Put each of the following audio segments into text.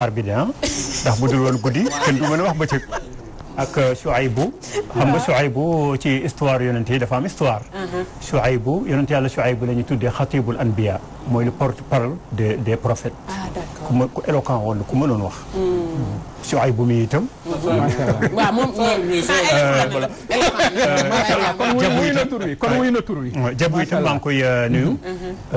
waar bi de ndax bu dul woon guddi kenn du mën a wax bëccëg ak euh, Shuaybu xam nga Shuaybu ci histoire yonent yi dafa am histoire uh-huh. Shuaybu yonent yàlla Shuaybu la ñu tuddee xatibul anbiya mooy le porte-parole des des prophètes ah, ku éloquent woon ku mënoon wax mm. suwaay bu muy itam. macha allah waaw moom moom ah, kon wuy na tur wi jabu itam maa ngi koy euh, nuyu.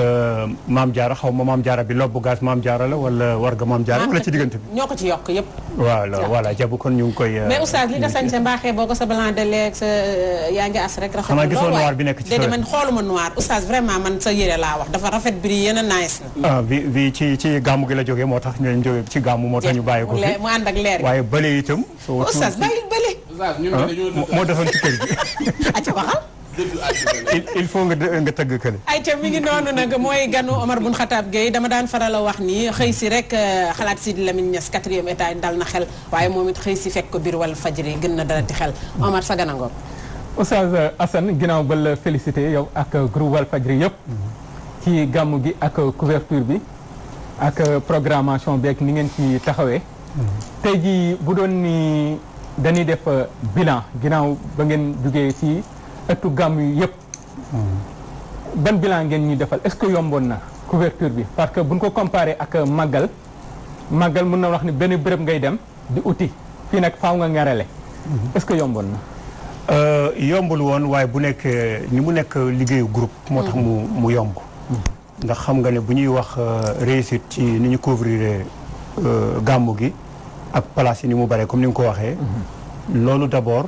Euh, maam jaara xaw ma maam jaara bi lobbu gaas maam jaara la wala warga maam jaara wala ci diggante bi. ñoo ko ci yokk yëpp. voilà voilà jabu kon ñu ngi koy. Euh, mais oustaz li nga sañse mbaaxee boo ko sa blanc de leeg sa yaa ngi as rek. rafetlu nekk ci sa déedéet man sa yére laa wax dafa rafet bi yéen a nice na. Ah, bi ci ci gàmmu gi la jógee moo tax ñu jógee ci gàmmu moo ñu bàyyi ko fi waaye mu ànd ak leer gi waaye bële itam. oustaz bàyyil bële. oustaz ñun ah, moo defoon ci kër gi. acca waxal. nga tëgg kële. ayca mi ngi noonu nag mooy ganu Omar bun Xataab Gueye dama daan faral a wax ni xëy si rek eh, xalaat si Lamine Niass quatrième étage dal na xel waaye moom it xëy si fekk ko biir wal fajri gën na dalati xel Omar sa ganangoom. Oustaz eh, Assane ginnaaw ba la félicité yow ak groupe wal fajri yëpp. ci gàmm gi ak couverture bi. ak programmation bi ak ni ngeen ci taxawee. tey jii bu doon ni dañuy def euh, bilan ginnaaw ba ngeen jugee si ëttu gàmm yi yëpp. ban bilan ngeen ñuy defal est-ce que yomboon na couverture bi parce que buñ ko comparé ak euh, màggal màggal mën na wax ni benn béréb ngay dem di uti fii nag faw nga ngarale mhm. est-ce que yomboon na. Euh, yombul woon waaye bu nekk ni mu nekk liggéeyu groupe. moo tax mu mhm. mu yomb. Mhm. ndax xam nga ne bu ñuy wax réussite ci ni ñu couvrir. Euh, gàmmu gi ak place yi ni mu bare comme ni nga ko waxee mhm. loolu d'abord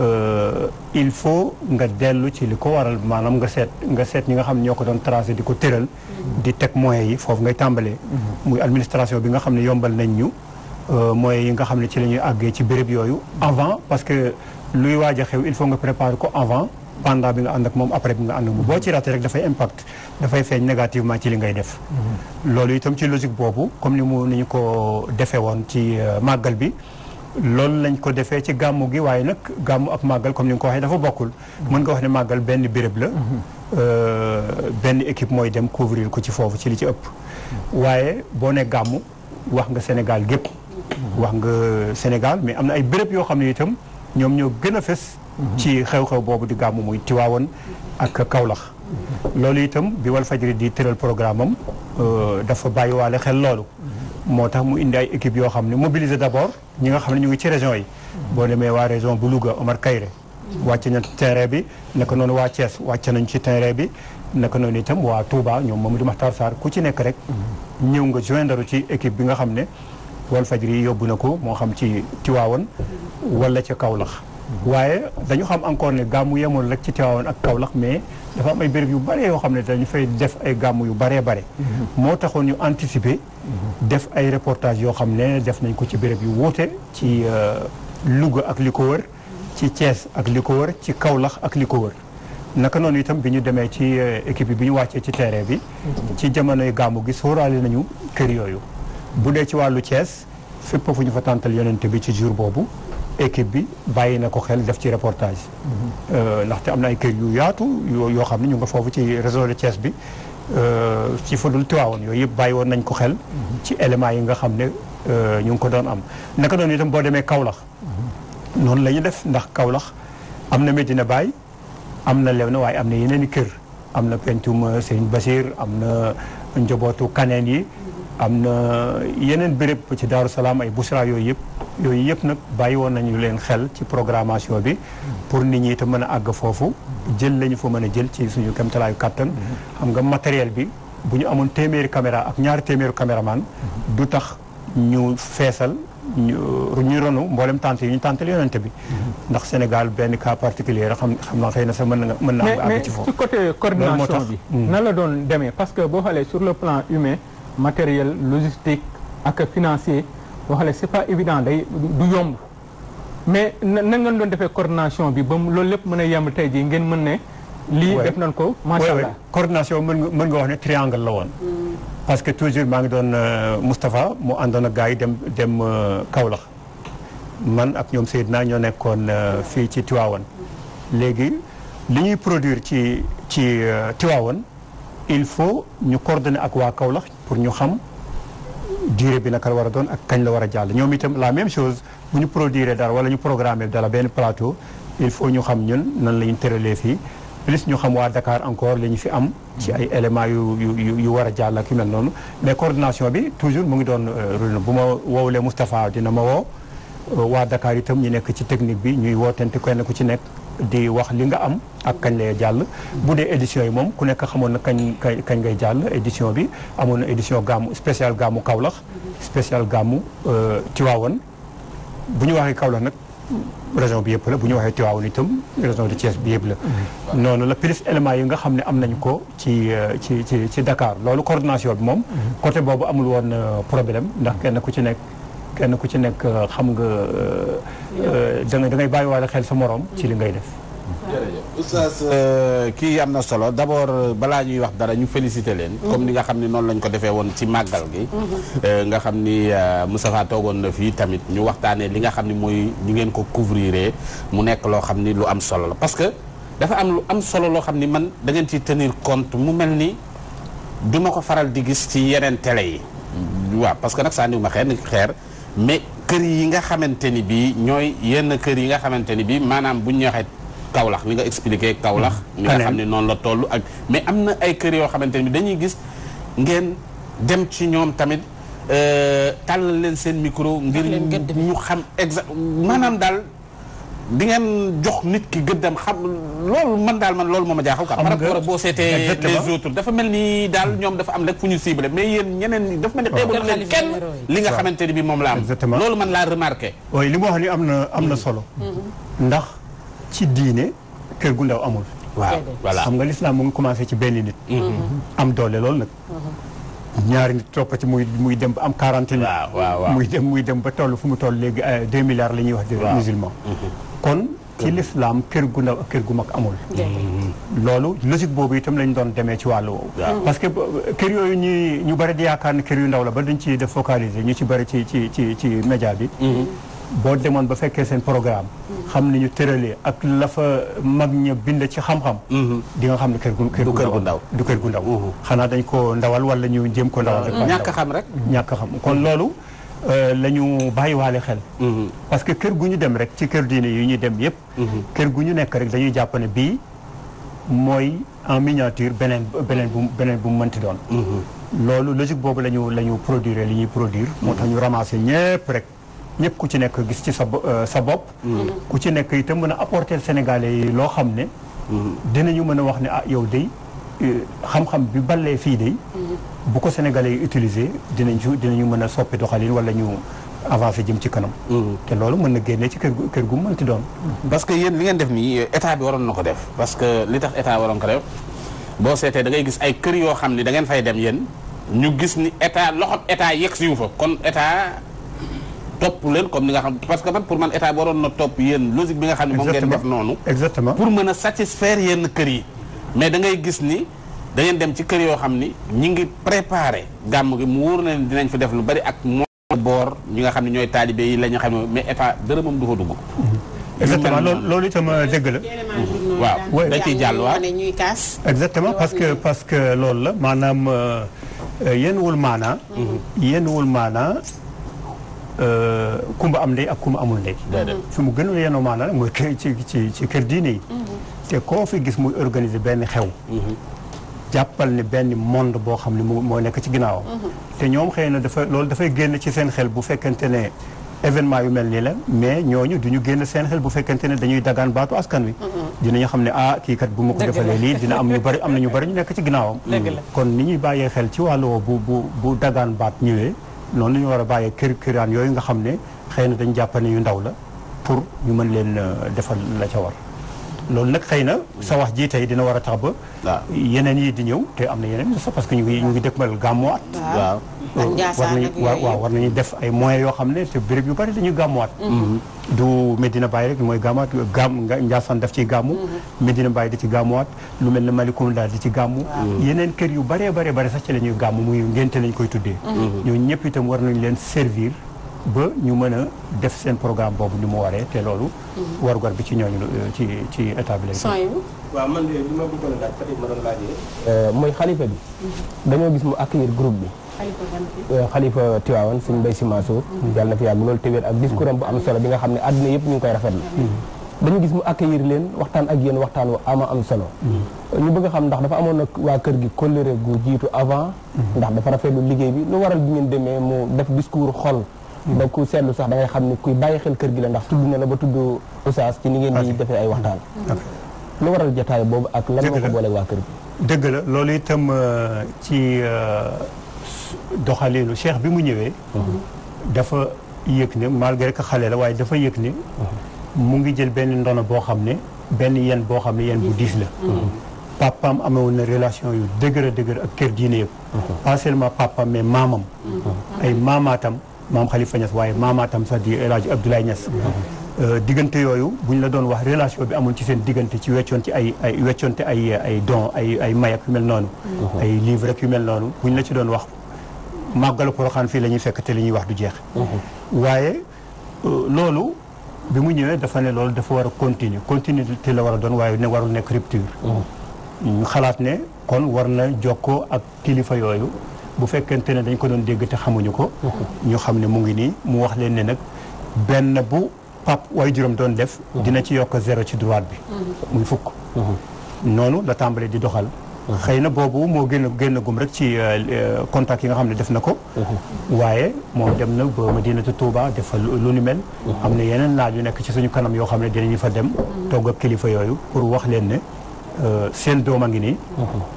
euh, il faut nga dellu ci li ko waral maanaam nga seet nga seet ñi nga xam ne ñoo ko doon tracé di ko tëral mhm. di teg moyens yi foofu ngay tàmbalee mhm. muy administration bi nga xam ne yombal nañ ñu euh, moyens yi nga xam ne ci la ñuy àggee ci béréb yooyu avant parce que luy waaj a xew il faut nga préparer ko avant pendant bi nga ànd ak moom après bi nga ànd ak moom boo ci raté rek dafay impact dafay feeñ négativement ci li ngay def mm-hmm. loolu itam ci logique boobu comme ni mu ni ñu ko defee woon ci euh, màggal bi loolu lañ ko defee ci gàmmu gi waaye nag gàmmu ak màggal comme ni nga ko waxee dafa bokkul mm-hmm. mën nga wax ne màggal benn béréb la mm-hmm. euh, benn équipe mooy dem couvrir ko ci foofu ci li ci ëpp waaye boo ne gàmmu wax nga Sénégal gépp wax nga Sénégal mais am na ay béréb yoo xam ne itam ñoom ñoo gën a fes mhm. ci xew-xew boobu di gàmmu muy Tiwaawan ak Kaolack loolu itam bi wal Walfadjri di tëral programme am euh, dafa bàyyiwaale xel loolu mhm. moo tax mu indi ay équipe yoo xam ne mobiliser d'abord ñi nga xam ne ñu ngi ci région yi mhm. boo demee waa région bu Louga Omar Kayre wàcc na terrain bi naka noonu waa Thiès wàcc nañ ci terrain bi naka noonu itam waa Touba ñoom di Makhtar Sarr ku ci nekk rek ñëw nga joindre ci équipe bi nga xam ne Walfadjri yóbbu na ko moo xam ci Tiwaawan wala ca Kaolack waaye dañu xam encore ne gàmmu yemoon rek ci Tiwaawan ak Kaolack mais dafa am ay béréb yu bare yoo xam ne dañu fay def ay gàmmu yu baree bare mhm. moo taxoon ñu anticiper mhm. def ay reportage yoo xam ne def nañ ko ci béréb yu wuute ci euh, Louga ak li ko wër ci cees ak li ko wër ci kawlax ak li ko wër naka noonu itam bi ñu demee ci euh, équipe bi bi ñu wàccee ci terrain bi mhm. ci jamonoy gàmmu gi sóoraale nañu kër yooyu bu dee ci wàllu Thiès fépp fu ñu fa tàntal yonent bi ci jur boobu équipe bi bàyyi na ko xel def ci reportage. Euh, ndaxte am na ay kër yu yaatu yoo xam ne ñu nga foofu ci réseau de Thiès bi euh, ci fudul Tiwaawoon yooyu yëpp bàyyi woon nañ ko xel. ci élément yi nga xam ne euh, ñu ngi ko doon am naka doon itam boo demee Kaolack. noonu lañu def ndax Kaolack am na Medina Baye am na Léona waaye am na yeneen i kër am na pentum seen Basir am na njobootu kaneen yi. am na yeneen béréb ci Daaru Salaam ay busra yooyu yëpp yooyu yëpp nag bàyyi woon nañu leen xel ci programmation bi pour nit ñi te mën a àgg foofu jël lañu fa mën a jël ci suñu kemtalaayu kàttan xam nga matériel bi bu ñu amoon téeméeri caméra ak ñaari téeméeri caméraman du tax ñu feesal ñu ronu mboolem tante yi ñu tantal yonente bi ndax Sénégal benn cas particulier xam xam na xëy na sax mën na mën na àgg ci foofu mais ci côté coordination bi mm. nan la doon demee parce que boo xoolee sur le matériel logistique ak financier wax xam ne c'est pas évident day du yomb mais na ngeen doon defee coordination bi ba loolu lépp mën a yemb tey jii ngeen mën ne. lii def nañ ko macha allah coordination mën nga mën wax ne triangle la woon. Mm. parce que toujours maa ngi doon euh, Moustapha moo àndoon ak gars yi dem dem euh, Kaolack man ak ñoom Seydina ñoo nekkoon euh, fii ci Tivaouane mm. léegi li ñuy produire ci ci Tivaouane. il faut ñu coordonner ak waa Kaolack pour ñu xam durée bi naka la war a doon ak kañ la war a jàll ñoom itam la même chose bu ñu produire dara wala ñu programmer dala benn plateau il faut ñu xam ñun nan la ñu tëralee fii plus ñu xam waa Dakar encore li ñu fi am ci ay éléments yu yu yu war a jàll ak yu mel noonu mais coordination bi toujours mu ngi doon euh, rôle bu ma woowulee Moustapha dina ma woo euh, waa dakaar itam ñu nekk ci technique bi ñuy wootante kenn ku ci nekk di wax li nga am ak kañ lay jàll bu dee édition yi moom ku nekk xamoon na kañ kañ ngay jàll édition bi amoon na édition gàmmu spécial gàmmu kawlax spécial gàmmu euh, Tivaouane bu ñu waxee Kaolack nag région bi yëpp la bu ñu waxee Tivaouane itam région de Thiès bi yëpp la mm-hmm. noonu la plus éléments yi nga xam ne am nañ ko ci euh, ci ci ci Dakar loolu coordination bi moom mm-hmm. côté boobu amul woon euh, problème ndax kenn ku ci nekk kenn ku ci nekk euh, xam nga euh, euh, da ngay da ngay bàyyiwaale xel sa moroom ci li ngay def. jërëjëf oustaz kii am na solo d' abord balaa ñuy wax dara ñu félicité leen. Mhm. comme ni nga xam ni noonu lañ ko defee woon ci màggal gi. Mhm. nga xam ni Moustapha toogoon na fii tamit ñu waxtaanee li nga xam ni mooy ñu ngeen ko couvrir mu nekk loo xam ni lu am solo la parce que dafa am lu am solo loo xam ni man da ngeen ciy tenir compte mu mel ni duma ko faral di gis ci yeneen tele yi. waaw parce que nag sànniwuma xeer xeer. mais kër yi nga xamante ni bii ñooy yenn kër yi nga xamante ni bii maanaam bu ñu waxee Kaolack li nga expliqué Kaolack mi mm-hmm. nga xam ne noonu la toll ak mais am na ay kër yoo xamante ni dañuy gis ngeen dem ci ñoom tamit euh, tàll leen seen micro ngir ñu xam exact maanaam daal di ngeen jox nit ki gëddam xam loolu man daal man loolu moom ma jaaxal quoi par rapport boo seetee les autres dafa mel ni daal ñoom dafa am rek fu ñu ciblé mais yéen ñeneen ñi dafa mel ni xeebul leen kenn li nga xamante ni bi moom la am loolu man laa remarqué oui li mu wax ni am na am na mm. solo mm-hmm. ndax ci diine kër gu ndaw amul waaw voilà xam nga lislaam mu ngi commencé ci benn nit mm-hmm. am doole loolu nag mm-hmm. ñaari nit topp ci muy muy dem ba am quarante nit muy dem muy dem ba toll fu mu toll léegi euh, deux milliards la ñuy wax de musulman kon ci lislaam kër gu ndaw kër gu mag amul loolu logique boobu yi tam lañ doon demee ci wàllu woowu mm-hmm. parce que kër yooyu ñi ñu bëri di yaakaar ne kër yu ndaw la ba dañ ci def focaliser ñu ci bëri ci ci ci ci média bi mm-hmm. boo demoon ba fekkee seen programme mm-hmm. xam ni ñu tëralee ak la mag ña bind ci xam-xam di nga xam ne kër gu kër gu ndaw du kër gu ndaw xanaa dañ ko ndawal wala ñu jéem ko ndawal ñàkk xam rek ñàkk xam kon loolu Euh, la ñu bàyyiwaale xel. Mm-hmm. parce que kër gu ñu dem rek ci kër diine yi ñuy dem yëpp. Mm-hmm. kër gu ñu nekk rek dañuy jàpp ne bii mooy en miniature beneen beneen bu beneen bu mu mënti doon. Mm-hmm. loolu logique boobu la ñu la ñu li ñuy produire. moo tax ñu ramasser ñëpp rek ñëpp ku ci nekk gis ci sa euh, sa bopp. ku ci nekk itam mën a apporter Sénégalais loo xam ne. dinañu mën a wax ni ah yow de. Euh, xam-xam bi ballee fii de mm-hmm. bu ko sénégalais yi utiliser dinañ ci dinañu mën a soppi doxaliin wala ñu avancé jëm ci kanam. Mm-hmm. te loolu mën na génne ci kër gu kër gu mu mënti doon. parce que yéen li ngeen def nii euh, état waroon na ko def parce que li tax état waroon ko def boo seetee da ngay gis ay kër yoo xam ni da ngeen fay dem yéen ñu gis ni état loxo état yegg si wu fa kon état. topp leen comme ni nga xam parce que man pour man état waroon na topp yéen logique bi nga xam ne moom ngeen def noonu exactement pour mën a satisfaire yenn kër yi mais da ngay gis ni da dem ci kër yoo xam ni ñi ngi préparé gàmm gi mu wóor na dinañ fi def lu bari ak moo boor ñi nga xam ne ñooy taalibe yi la ñu xam ne mais état dërëmam du fa dugg. Mmh. exactement loolu loolu itam euh, dëgg la. Mmh. waaw da ciy jàll waaw exactement parce que parce que loolu la maanaam euh, euh, yéen wul maanaa. Mmh. yéen wul maanaa kumba am ndey ak kumba amul ndey. fi mu gën yenn yéenoo maanaa mooy ci ci ci kër diine yi. te koo fi gis muy organiser benn xew. Mhm. jàppal ne benn monde boo xam ne moo nekk ci ginnaawam. Mhm. te ñoom xëy na dafa loolu dafay génn ci seen xel bu fekkente ne événement yu mel nii la mais ñooñu duñu génn seen xel bu fekkente ne dañuy dagaan baatu askan wi. Mhm. dinañu xam ne ah kii kat bu ma ko defalee lii dina am ñu bari am na ñu bari ñu nekk ci ginnaawam. Mm. kon ni ñuy bàyyee xel ci wàllu bu bu bu dagaan baat ñëwee noonu la ñu war a bàyyee kër këraan yooyu nga xam ne xëy na dañu jàpp ne yu ndaw la pour ñu mën leen euh, defal la ca war. loolu nag xëy na sa wax ji tey dina war a tax ba. yeneen yi di ñëw te am na yeneen yu sax parce que ñu ngi ñu ngi dëkkmal gàmmuwaat. waaw war nañu waaw war nañu def ay moyens yoo xam ne te béréb yu bari dañuy gàmmuwaat. Mm-hmm. du Medina bàyyi rek mooy gàmmuwaat gàmm Ndiassane daf ciy gàmmu. Mm-hmm. Medina bàyyi di ci gàmmuwaat lu mel ne Malicounda di ci gàmmu. Mm-hmm. yeneen kër yu baree baree bari sax ci la ñuy gàmm muy ngénte lañ koy tuddee. ñooñu ñëpp itam war nañu leen servir. ba ñu mën a def seen programme boobu ni mu waree te loolu. Mhm. warugar bi ci ñooñu euh, ci ci état bi man de li euh, mooy xalifa bi. Mhm. dañoo gis mu accueillir groupe bi. xalifa ban xalifa euh, Tiwaawan suñu Mbay Si Mansuur. Mhm. yàlla na fi yàgg loolu te wér ak discours am bu am solo bi nga xam ne àddina yëpp ñu koy rafet rafetlu. dañu gis mu accueillir leen waxtaan ak yéen waxtaan wu ama am solo. ñu bëgg xam ndax dafa amoon nag waa kër gi colère gu jiitu avant. ndax dafa rafetlu liggéey bi lu waral bi ngeen demee mu def discours xol ba ku seetlu sax dangay xam ni kuy bàyyi xel kër gi la ndax tudd na la ba tudd oustaz ci ni ngeen di defee ay waxtaan lu waral jotaay boobu ak lan moo ko boole waa kër gi dëgg la loolu itam euh, ci euh, doxalinu cheikh bi mu ñëwee mhm. dafa yëg ne malgré que xale la waaye dafa yëg ni mhm. mu ngi jël benn ndono boo xam ne benn yenn boo xam ne yenn bu diis la mhm. papaam amewoon na relation yu dëgër a dëgër ak kër diine yëpp pas seulement papaam mais maamam ay maamaatam maam Khalifa Niass waaye maamaatam sax di El Hadj Abdoulaye Niass. Euh, diggante yooyu bu ñu la doon wax relation bi amoon ci seen diggante ci weccoon ci ay ay weccoonte ay ay ay ay may ak yu mel noonu. Mhm. ay livre ak yu mel noonu bu ñu la ci doon wax màggalu Porokhane fii la ñuy fekk te li ñuy wax du jeex. Mhm. waaye euh, loolu bi mu ñëwee dafa ne loolu dafa war a continuer continuer te la war doon waaye ne warul nekk rupture. Mhm. ñu xalaat ne kon war na jokkoo ak kilifa yooyu. bu fekkente ne dañ ko doon dégg te xamuñu ko ñu xam ne mu ngi nii mu wax leen ne nag benn bu pap waaye juróom doon def dina ci yokk zéro ci droite bi muy fukk noonu la tàmbale di doxal xëy na boobu moo génn génn gum rek ci euh, euh, contact yi nga xam ne def na ko waaye moo dem na ba Madinatu Tuuba def fa lu ni mel am na yeneen laaj yu nekk ci suñu kanam yoo xam ne ñu fa dem togg ak kilifa yooyu pour wax leen ne euh, seen doom a ngi nii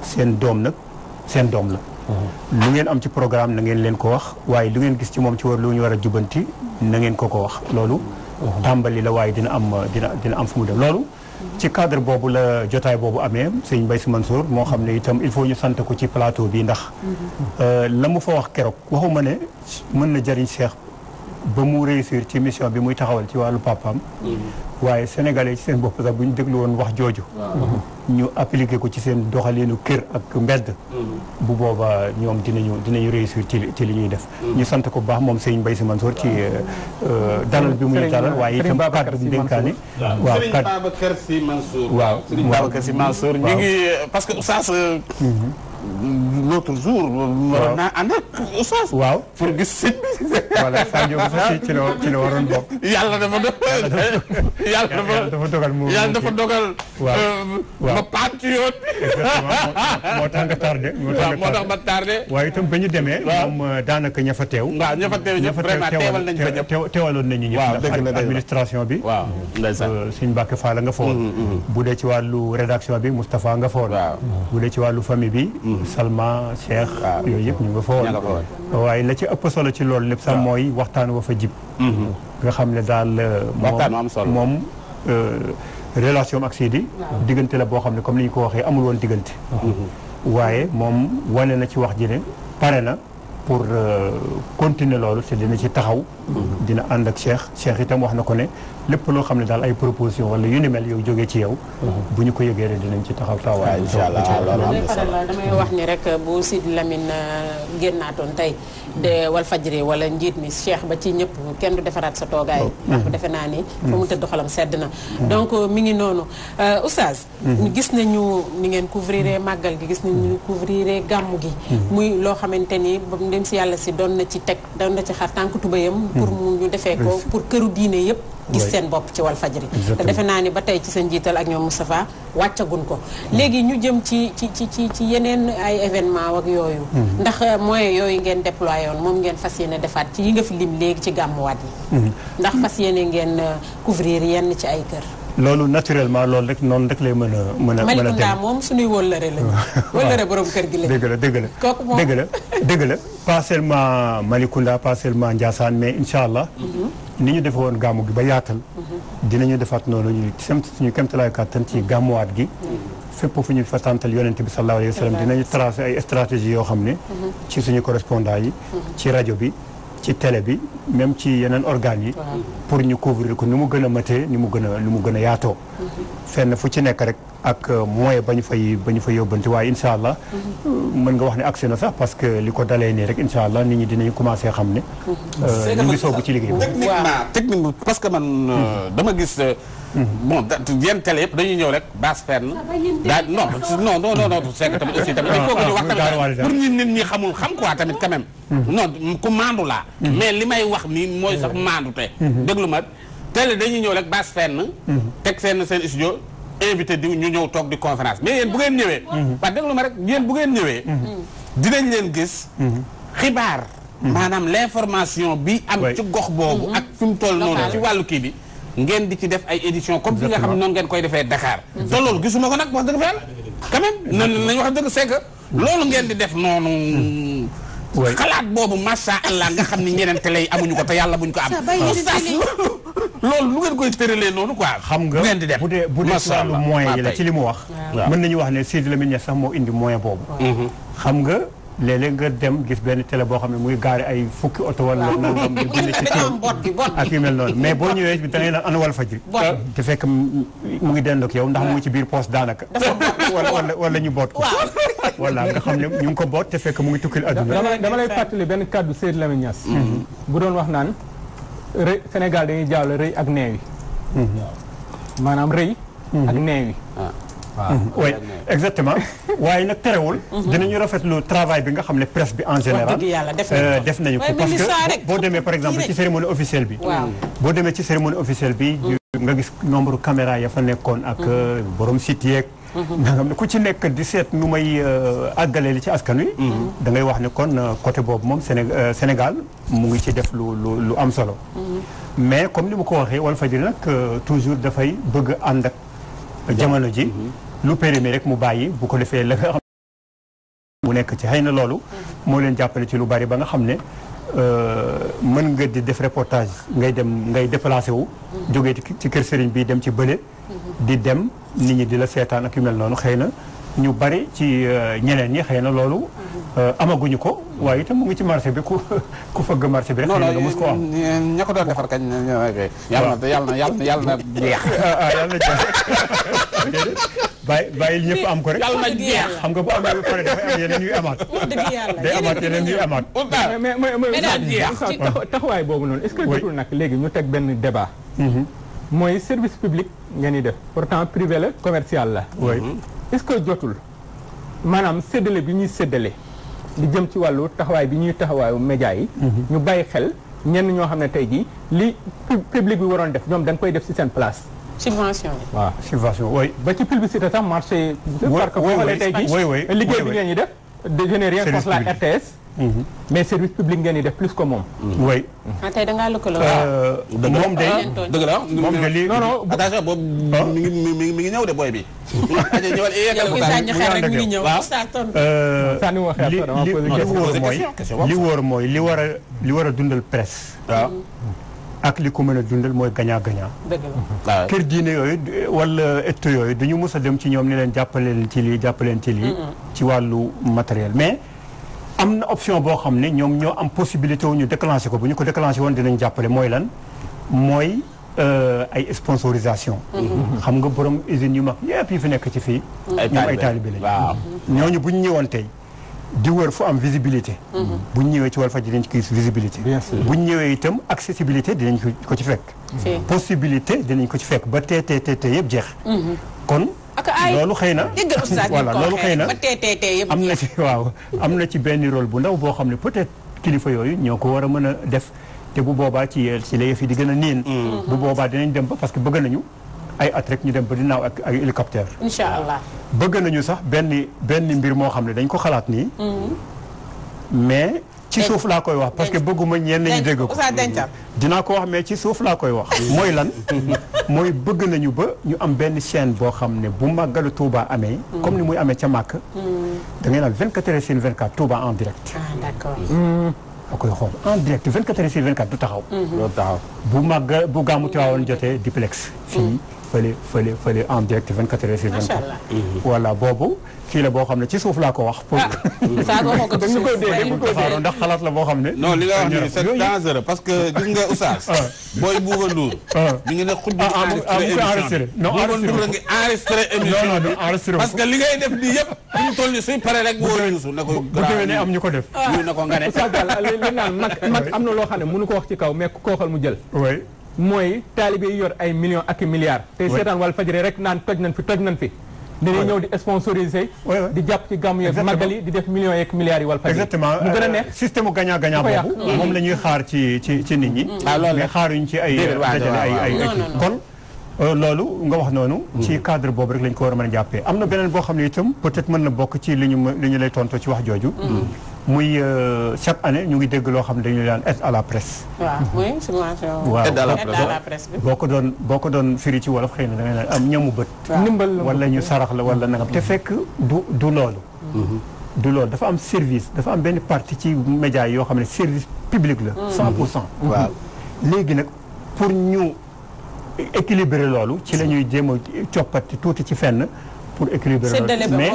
seen doom nag seen doom la lu ngeen am ci programme na ngeen leen ko wax waaye lu ngeen gis ci moom ci war lu ñu war a jubanti na ngeen ko ko wax loolu tàmbali la waaye dina am dina dina am fu mu dem loolu ci cadre boobu la jotaay boobu amee sëñ Mbaye Sy Mansour moo xam ne itam il faut ñu sant ko ci plateau bii ndax mhm. euh, la mu fa wax keroog waxuma ne mën na jariñ Cheikh ba mu réussir ci mission bi muy taxawal ci wàllu papaam mm-hmm. waaye sénégalais ci seen bopp sax bu ñu déglu woon wax jooju ñu appliqué ko ci seen doxaliinu kër ak mbedd mm-hmm. bu booba ñoom dinañu dinañu réussir ci ci li ñuy def mm-hmm. ñu sant ko baax moom Serigne Mbaye Sy Mansour ci euh, dalal bi muy dalal waaye itam kàddu bu dénkaane waaw Serigne Babacar Sy Mansour waaw Serigne ngi euh, parce que oustaz l'autre jour. waaw naa ànd ak oustaz. waaw pour gis sëñ bi. voilà Sadio Moussa ci la ci la waroon bokk. yàlla dafa yàlla dafa dogal mu yàlla dafa dogal. waaw euh, waaw ma paam ci yoon. exactement moo tax nga tardé. moo tax moo tax ma tardé. waaye itam ba ñu demee. waaw moom euh, daanaka ña fa teew. waaw ña fa teew ñëpp vraiment teewal nañu fa ñëpp teewaloon nañu ñëpp. waaw dëgg la administration bi. waaw ndeysaan euh, suñu Mbàkke Fall nga fa woon. Mm, mm, mm. bu dee ci wàllu rédaction bi Moustapha nga fa woon. waaw bu dee ci wàllu famille bi. Salma Cheikh yooyu yëpp ñu nga fa woon waaye la ci ëpp solo ci loolu lépp sax mooy waxtaan wa fa jib mhm. nga xam ne daal euh, moom euh, relation ak Sidi diggante la boo xam ne comme ni ñu ko waxee amul woon diggante mhm. waaye moom wane na ci wax ji ne pare na pour euh, continuer loolu te dina ci taxaw dina ànd ak Cheikh Cheikh tam wax na ko ne lépp loo xam ne daal ay proposition wala yu ni mel yow jógee ci yow. bu ñu ko yëgee rek dinañ ci taxaw taxawaay. Ah, incha allah damay wax ni rek bu Sidi Lamine euh, génnaatoon tey de wal fajri wala njiit mi Cheikh ba ci ñëpp kenn du defaraat sa toogaay. Oh. ndax defe naa ni. fa mu mm. tëdd xolam sedd na. Mm. donc euh, mi ngi noonu euh, oustaz. Mm-hmm. gis ñu ni ngeen couvriré mm-hmm. màggal gi gis na nañu mm-hmm. couvriré gàmmu gi. muy loo xamante ni ba dem si yàlla si doon na ci teg doon na ci xar tànk tubayam pour mu ñu defee ko pour këru diine yëpp gis seen bopp ci Walfadjri te defe naa ni ba tey ci seen jiital ak ñoom Moustapha wàccagun ko léegi ñu jëm ci ci ci ci ci yeneen ay événement ak yooyu mhm. ndax euh, moyens yooyu ngeen déployé yoon moom ngeen fas yéene defaat ci yi nga fi lim léegi ci gàmmuwaat yi mhm. ndax fas yéene ngeen euh, couvrir yenn ci ay kër loolu naturellement loolu rek noonu rek lay mën a mën a mën a dem moom suñuy wëllëre la wëllëre borom kër gi la dëgg la dëgg la kooku moom dëgg la dëgg la pas seulement Malicounda pas seulement Ndiassane mais incha allah mhm. ni ñu defe woon gàmmu gi ba yaatal mhm. dinañu defaat noonu ñu semt suñu kemtalaayu kàttan ci gàmmuwaat gi mhm. fépp fu ñu fa tàntal yonent bi sallallahu alayhi wa sallam dinañu tracé ay stratégie yoo xam ne ci suñu correspondant yi ci rajo bi ci télé bi même ci yeneen organes yi. pour ñu couvrir ko ni mu gën a matee ni mu gën a ni mu gën a yaatoo. Mhm. fenn fu ci nekk rek ak euh, moyen ba ñu fay ba ñu fa yóbbante waaye incha allah. Mhm. mën nga wax ne accès na sax parce que li ko dalee nii rek incha allah nit ñi dinañ commencé xam ne. Mhm. Euh, ñu ngi soogu ci liggéey bi techniquement techniquement parce que man euh, dama gis. bon yenn télé yëpp dañuy ñëw rek baas fenn. daa no non non non c'est que tamit aussi tamit il faut que ñu ah, ah, wax tamit ah, pour ñu nit ñi xamul xam quoi tamit quand même. Mm-hmm. non ku maandu laa. Mm-hmm. mais li may wax nii mooy sax mm-hmm. maandu te. déglu ma télé dañuy ñëw rek baas fenn. teg seen seen studio. invité diw ñu ñëw toog di conférence mais yéen bu ngeen ñëwee wax déglu ma rek yéen bu ngeen ñëwee dinañ leen gis xibaar maanaam l'information bi am ci gox boobu ak fi mu toll noonu ci wàllu kii bi ngeen di ci def ay édition comme bi nga xam ne ngeen koy defee Dakar te loolu gisuma ko nag wax dëgg fa yàlla quand même nan nañ wax dëgg c'est que loolu ngeen di def noonu xalaat boobu macha allah nga xam ni ñeneen télé amuñu ko te yàlla buñ ko am loolu lu ngeen koy tëralee noonu quoi. xam nga ngeen di def bu dee bu dee wàllu moyen yi la ah, ci li mu wax. mën nañu wax ne Sidi Lamine Niass sax moo indi moyen boobu. Mhm. xam nga léeg-léeg nga dem gis benn télé boo xam ne muy gaari ay fukki oto wala nangam ñu bind ak yu mel noonu mais boo ñëwee da ngay naan ana wal fajri te fekk mu ngi dend ak yow ndax mu ci biir poos daanaka wala wala ñu boot ko voilà nga xam ne ñu ngi ko boot te fekk mu ngi tukkil adduna dama lay fàttali benn kàddu Seydou Lamine Niass mm-hmm. bu doon wax naan rëy Sénégal dañuy jaawle rëy ak neewi mm-hmm. maanaam rëy mm-hmm. ak neewi ah. waaw mhm. oui exactement waaye nag terewul. rafet mhm. rafetlu travail bi nga xam ne presse bi en général. Euh, def nañu ko parce que boo demee par exemple ci cérémonie officielle bi. boo demee ci cérémonie officielle bi. Mhm. nga gis nombre caméra ya fa nekkoon ak euh, borom site yeeg. nga xam ne ko ci nekk di seet nu may euh, àggalee li ci askan wi. da wax ne kon côté boobu moom Sénégal mu ngi ci def lu lu lu am solo. mais comme ni mu ko waxee Walfadjri nag toujours dafay bëgg ànd ak. jamono ji mhm. lu mi rek mu bàyyi bu ko defee la nga xam mu nekk ci xëy na loolu mhm. moo leen jàppale ci lu bari ba nga xam ne euh, mën nga di def reportage ngay dem ngay déplacé wu mhm. jógee ci kër sëriñ bi dem ci bële di dem nit ñi di la seetaan ak yu mel noonu xëy na ñu bari ci euh, ñeneen ñi xëy na loolu. Euh, amaguñu ko waaye itam mu ngi ci marché bi ku ku fëgg marché bi rek. xëy na mos ko am non ña ko doon defar kañ. yàlla na yàlla na yàlla na jeex. Ah, ah, yàlla na jeex bàyyi bàyyi ñëpp am ko rek. yàlla na jeex xam nga bu amee ba pare dafay am yeneen yuy amaat. dëgg yàlla day amaat yeneen yuy amaat. mais mais mais taxawaay boobu noonu. est-ce que jotul nag léegi ñu teg benn débat. Mhm. mooy service public ngeen di def pourtant privé la commercial la. Mhm. est-ce que jotul maanaam séddale bi ñuy séddale di jëm ci wàllu taxawaay bi ñuy taxawaayu média yi. Mhm. ñu bàyyi xel ñenn ñoo xam ne tey jii li public bi waroon def ñoom dañ koy def ci seen place. subvention bi. waaw subvention oui. ba ci publicité sax marché. parce que boo xoolee tey jii liggéey bi ngeen ñi def. de je n'ai contre la RTS. Mm-hmm. mais service public ngeen di def plus ko moom. Mm-hmm. oui. ah tey da euh, moom de ah, dëgg moom de lii non non. attention boobu ah. mi ngi mi ngi ñëw de booy bi. ñëwal eh, yegale ko rek mi ngi ñëw waaw li wóor mooy li war a li war a dundal presse. waaw. Ah. Mm-hmm. ak li ko mën a dundal mooy gagnant gagnant. dëgg la kër diine yooyu wala ëtt yooyu du ñu mës a dem ci ñoom ni leen jàppaleen ci lii jàppaleen ci lii. ci wàllu matériel mais. am na option boo xam ne ñoom ñoo am possibilité wu ñu déclenché ko bu ñu ko déclenché woon dinañ jàppale mooy lan mooy euh, ay sponsorisation mm-hmm. xam nga borom usines yu mag ñëpp yi fi nekk ci fii ñoom ay taalibe lañ mm-hmm. ñooñu bu ñu ñëwoon tey di wër fu am visibilité mm-hmm. bu ñu ñëwee ci wal Walfadjri dinañ ko gis visibilité bu ñu ñëwee itam accessibilité dinañ ko ci fekk possibilité dinañ ko ci fekk ba tee tee tee yëpp jeex ak ay loolu xëy na voilà loolu xëy na am na ci waaw am na ci benn rôle bu ndaw boo xam ne peut-être kilifa yooyu ñoo ko war a mën a def te bu boobaa ci ci la yëf yi di gën a niin mm-hmm. bu boobaa dinañ dem ba parce que bëgg nañu ay at rek ñu dem ba di naaw ak ay hélicoptère incha allah bëgg nañu sax benn benn mbir moo xam ne dañ ko xalaat nii mm-hmm. mais ci suuf laa koy wax parce que bëgguma ñenn ñi dégg ko dinaa ko wax mais ci suuf laa koy wax mooy lan mooy bëgg nañu ba ñu am benn chaîne boo xam ne bu màggalu Touba amee mm. comme ni muy amee ca màkk mm. da ngay vingt 24 heures sur 24 Touba en direct ah, d'accord mm. koy xool en direct 24 heures sur 24 du taxaw mm-hmm. du taxaw bu màgg bu gàmmu Tiwaawoon jotee duplex fii fële fële fële en direct 24 heures sur 24. Mhm. voilà boobu kii la boo xam ne ci suuf laa ko wax. pour saa ah, ko ko la boo xam ne. non li nga wax nii que gis nga Oustaz. Ah. booy Bouba Ndour. Ah. mi ngi ne xul bi enregistré non enregistré émission non non enregistré parce que li ngay def nii yëpp ñu su na ko. def. na ko nga ne. naan mag am na loo xam ne mënu ko wax ci kaw mais koo xal mu jël. mooy taalibe yi yor ay millions ak i milliards. tey seetaan wàllu fajare rek naan toj nañ fi toj nañ fi. dinañ ñëw di sponsoriser. di jàpp ci gàmmu yeeg màggal yi di def millions yeeg milliards yi wal faj exactement mu gën a euh, neex système u gagnant gagnant boobu moom la ñuy xaar ci ci ci nit ñi ah, mais xaaruñ ci ay dajale ay ay kon euh, loolu nga wax noonu mm. ci cadre boobu rek lañ ko war a mën a jàppee am na beneen boo xam ne itam peut-être mën na bokk ci li ñu li ñu lay tontoo ci wax jooju mm. muy euh, chaque année ñu ngi dégg loo xam ne dañuy daan aide à la presse. waaw oui subvention. aide à la boo ko doon boo ko doon firi ci wolof xëy na da ngay naan am ñamu bët. ndimbal la wala ñu sarax la wala nangam. te mm-hmm. fekk du du loolu. Mm-hmm. du loolu dafa am service dafa am benn partie ci média yoo xam ne service public la. 100 mm. pour cent. Mm-hmm. waaw léegi nag pour ñu équilibrer loolu ci la ñuy jéem a coppati tuuti ci fenn. pour équilibrer mais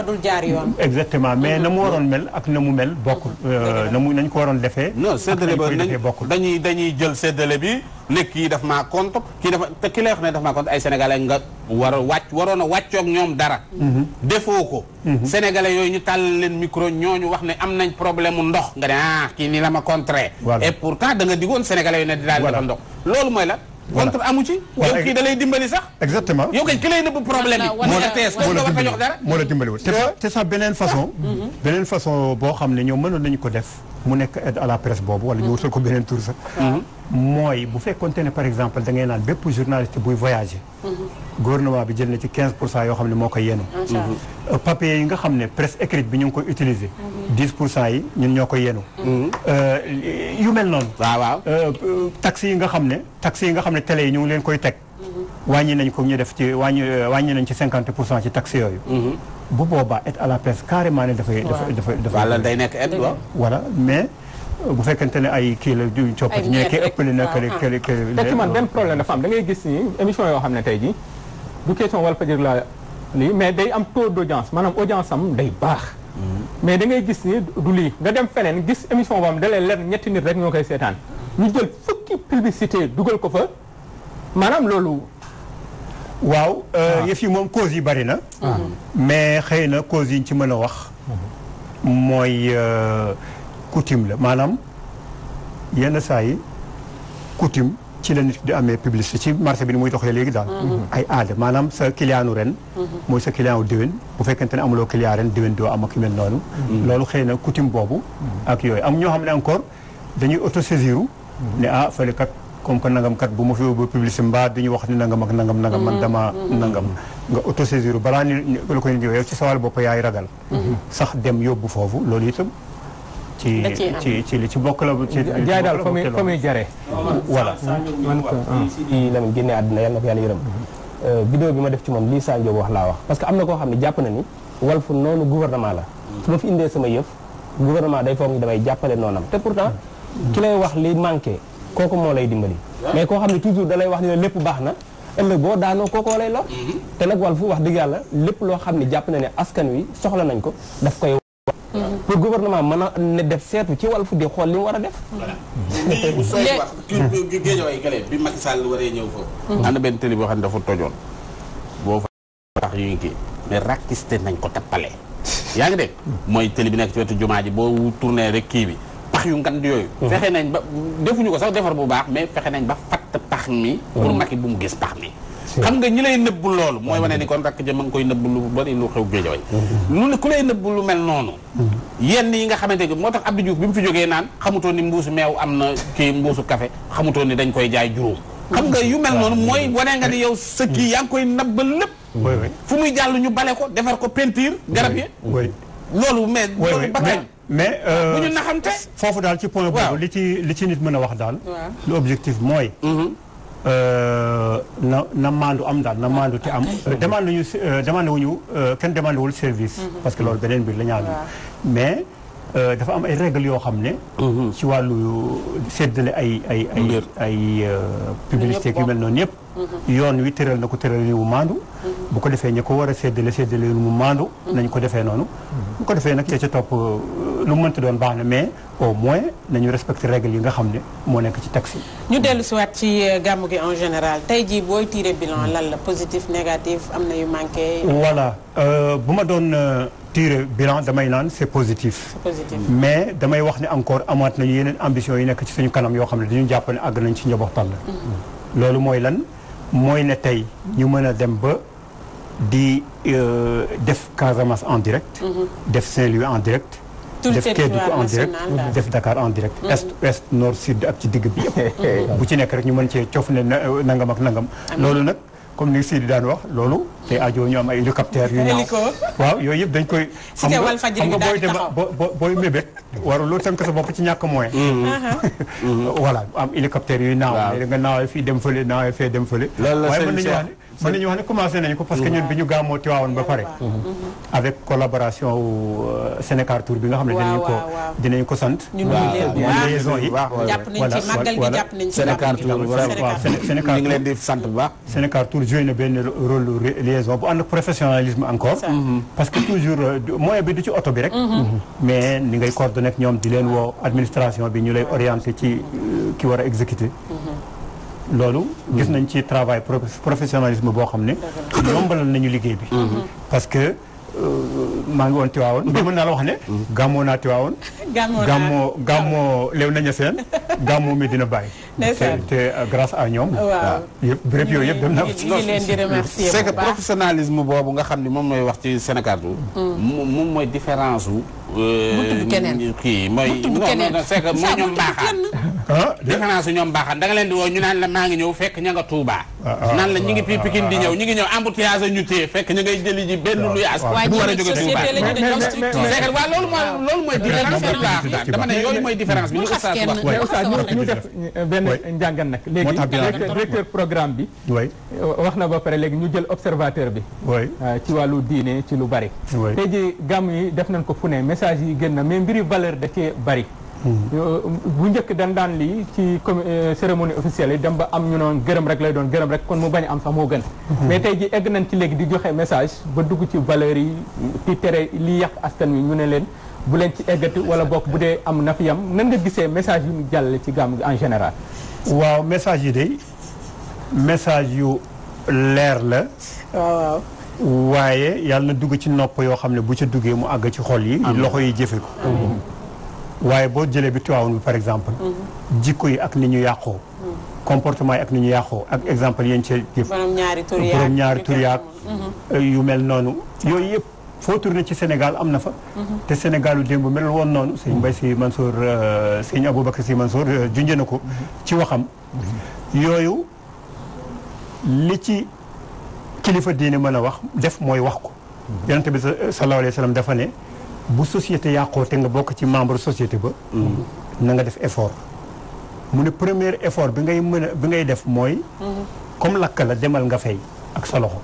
exactement mais mm-hmm. na mu waroon mel ak na mu mel bokkul euh, na mu nañ ko waroon defee non séddale ba nañ bokkul dañuy jël séddale bi ne yi daf maa compte kii dafa te ki lay wax ne daf ma compte ay sénégalais nga war a wàcc waroon a wàccook ñoom dara mm-hmm. defoo ko mm-hmm. sénégalais yooyu ñu tàllal leen micro ñooñu wax ne am nañ problème mu ndox nga ne ah kii nii la ma contré et pourtant da nga digoon sénégalais yooyu ne di daal dafa ndox loolu mooy la contre amu ci. yow kii da lay dimbali sax. exactement yow kay ki lay nëbb problème bi. moo la RTS moo la jox dara. moo la dimbali wut te sax beneen façon. Mhm. beneen façon boo xam ne ñoom mënoon nañu ko def. mu nekk aide à la presse boobu wala ñu mhm. wutal ko beneen tur sax. Mhm. mooy bu fekkonte ne par exemple da ngay naan bépp journaliste buy voyager. Mhm. gouvernement bi jël na ci 15 pour cent yoo xam ne moo ko yenu euh, papier yi nga xam ne presse écrite bi ñu ngi koy utiliser. 10 mhm. pour cent yi ñu ñoo koy yenu mhm. euh, yu mel noonu. waaw waaw euh, taxi yi nga xam ne. taxi yi nga xam ne tele yi ñu ngi leen koy teg. wàññi nañ ko ñu def ci wàññi wàññi nañ ci cinquante pour cent ci taxi yooyu. bu boobaa aide à la presse carrément ne dafay. dafay dafay dafay. wala day bu fekkente ne ay kii la du coppati ñee kii ëppale na kële kële kële te ci man benn problème dafa am da ngay gis ni yoo xam ne tey ji du question wal fajir la lii mais day am taux d'audience maanaam audience am day baax hmm. mais da ngay gis ni du lii nga dem feneen gis émission boo xam da lay ñetti nit rek ñoo koy seetaan ñu jël fukki publicité dugal ko fa maanaam loolu waaw euh, ah. yëf yi moom cause yi bari na ah. mais xëy na cause yi ñu ci mën a wax hmm. mooy euh, coutume la maanaam yenn saa yi coutume ci la nit di amee publicité ci marché bi ni muy doxee léegi daal. Mhm. ay aada maanaam sa client ren. Mhm. mooy sa client déwén bu fekkente ne amuloo client ren déwén doo am ak yu mel noonu. Mhm. loolu xëy na coutume boobu. ak yooyu am ñoo xam ne encore dañuy autosaisir. ne ah fële kat comme que nangam kat bu ma fi yóbbu publicité mbaa ñu wax ni nangam ak nangam nangam man dama nangam. nga autosaisir balaa ni lu ko nit yow ci sawal bopp yaay ragal. sax dem yóbbu foofu loolu itam. ci ci li ci bokk la ci jaay daal fa muy fa muy jaree la mu ah. génne àddina yal na ko yàlla yërëm euh, vidéo bi ma def ci moom lii Sa Ndiogou wax laa wax parce que am na koo xam ne jàpp na ni Walf noonu gouvernement la su ma fi indee sama yëf gouvernement day foog ni damay jàppale noonam te pourtant ki lay wax li manqué kooku moo lay dimbali mais koo xam ne toujours da lay wax ni lépp baax na ëllëg boo daanoo kookoo lay lor mhm. te nag Walf wax dëgg yàlla lépp loo xam ne jàpp na ne askan wi soxla nañ ko pour gouvernement mën a ne def seetu ci Walf di xool li mu war a def. voilà lii bu sooy bi Macky Sall waree ñëw foofu. Hmm. am na benn télé boo xam ne dafa tojoon. boo fa tax yu ngi kii mais rakiste nañ ko tappale. yaa ngi dégg hmm. mooy télé bi nekk ci wetu jumaa ji boo tourné rek kii bi pax yu ngand yooyu. Hmm. fexe nañ ba defuñu ko sax defar bu baax mais fexe nañ ba fatt pax mi. pour Macky bu mu gis pax mi. xam nga ñi lay nëbbu loolu mooy wane ni kon rakk ja ma koy nëbbu lu bari lu xew géejaway mm-hmm. lu ne ku lay nëbbu lu mel noonu mm-hmm. yenn yi nga xamante ne moo tax Abdou Diouf bi mu fi jógee naan xamutoon ni mbuusu meew am na kii mbuusu café xamutoon ni dañ koy jaay juróom xam nga yu mel noonu mooy mm-hmm. wane nga ni yow sa kii yaa ngi koy nëbbal lépp fu muy jàll ñu bale ko defar ko peinture garab yi loolu mais loolu ba kañ mais euh, bu ñu naxamte foofu daal ci point boobu li ci li ci nit mën a wax daal l'objectif mooy Euh, na na maandu am daal na maandu te am. Ah, demande ñu euh, demande wu ñu euh, kenn demande wul service. Mhm. parce que loolu beneen mbir la ñaar mais dafa am ay règles yoo xam ne. Mhm. ci wàllu séddale ay ay ay ay publicité yu mel noonu yëpp. Mhm. yoon wi tëral na ko tëral ni mu maandu. bu ko defee ñu ko war a séddale séddale mu maandu. nañ ko defee noonu. bu ko defee nag ca ca topp lu mu mënti doon baax na mais. au moins nañu respecté règles yi nga xam ne moo nekk ci taxi ñu dellu si waat ci euh, gàmmu gi en général tey jii booy tiire bilan hmm. lan la positif négatif am na yu manqué. voilà euh, bu ma doon euh, tiré bilan damay naan c'est positif. positif mais damay wax ni encore amaat nañu yeneen ambition yi nekk ci suñu kanam yoo xam ne dañu jàpp ne àgg nañ ci njabootam hmm. la. Hmm. loolu mooy lan mooy ne tey ñu mën a dem ba. di def Casamance en direct. def Saint-Louis en direct. def Kédougou en direct def Dakar en direct mm. est ouest nord sud ak ci digg bi bu ci nekk rek ñu mën cee cof ne nangam ak nangam loolu nag comme ni Sidi daan wax loolu te ajo ñu am ay hélicoptère yu naaw waaw yooyu yëpp dañ koy xam nga booy dem booy mébét waruloo tënk sa bopp ci ñàkk moyen mm-hmm. uh-huh. voilà am hélicoptère yu naaw da nga naawee fii dem fële naawee fee dem fële waaye mën nañu wax ne mën nañu wax ne commencé nañu ko parce que ñun bi ñu gàmmoo Tiwaawoon ba pare avec collaboration wu euh, Sénégal Tour bi nga xam ne ni ko dinañu ko sant mooy liaison yi jàpp nañ ci màggal gi jàpp nañ ci Sénégal ngi leen di sant bu baax Sénégal Tour benn rôle liaison bu ànd professionnalisme encore mhm. parce que toujours euh, ci oto bi rek mhm. Mhm. mais ni ngay coordonné ñoom di leen woo administration bi ñu lay orienté ci euh, ki war a exécuter loolu gis nañ ci travail professionnalisme boo xam ne yombalal nañu liggéey bi mhm. parce que euh, maa ngi woon Tiwaawoon mën naa la wax ne mhm. gàmmoo naa Tiwaawoon gàmmoo gàmmoo Léona Niassène gàmmoo dina bàyyi ndeysaan te euh, grâce à ñoom. Ah, yooyu yëpp dem na. ci ñu leen di remercier c'est que professionnalisme boobu nga xam ni moom mooy wax ci Sénégal du. Mm. moom mooy différence wu. bu euh, tudd keneen kii mooy. bu tudd keneen c'est que mooy ñoom baaxaan. différence ñoom baaxaan da nga leen di ñu naan la maa ngi ñëw fekk ña nga Touba. Ah, ah, naan la ñu ngi fii Pikine di ñëw ñu ngi ñëw embouteillage ñu téye fekk ñu ngay jëli ji benn luyaas. waaw bu war a jóge Touba waaw loolu mooy loolu mooy différence bi dama njàngan nag léegi directeur programme bi wax na ba pare léegi ñu jël observateur bi ah, ci wàllu diine ci lu bari tey ji gàmm yi def nañ ko fu ne message yi gën na mais mbiri valeur da cee bari hmm. bu njëkk dan daan lii ci euh, cérémonie officielle yi dem ba am ñu noon gërëm rek lay doon gërëm rek kon mu bañ am sax moo gën hmm. mais tey ji egg nañ ci léegi di joxe message ba dugg ci valeur yi di tere li yàq askan wi ñu ne leen bu leen ci eggati wala bokk bu dee am na fi yam nan nga gisee message yu mu jàllale ci gàmm gi en général. waaw message yi day message yu leer la. waaw waaye yàlla na dugg ci nopp yoo xam ne bu ci duggee mu àgg ci xol yi. loxo yi jëfe ko. waaye boo jëlee bi tuwaawoon bi par exemple. jikko yi ak ni ñu yàqoo. comportement yi ak ni ñu yàqoo ak exemple yéen cee jëf. borom ñaari tur yu mel noonu yooyu yëpp. foo tourné ci senegal am na fa. Mhm. te Sénégalu démb mel woon noonu. Mhm. sëñ Mbaye Sy Mansour euh, sëñ Aboubacar Sy Mansour euh, junjee na ko. Mhm. ci waxam. yooyu li ci kilifa diine mën a wax def mooy wax ko. yonent bi euh, sallallahu alayhi wa sallam dafa ne bu société yàqoo te nga bokk ci membre société ba. na nga def effort. mu ne premier effort bi ngay mën a bi ngay def mooy. comme lakk la demal nga fay ak sa loxo.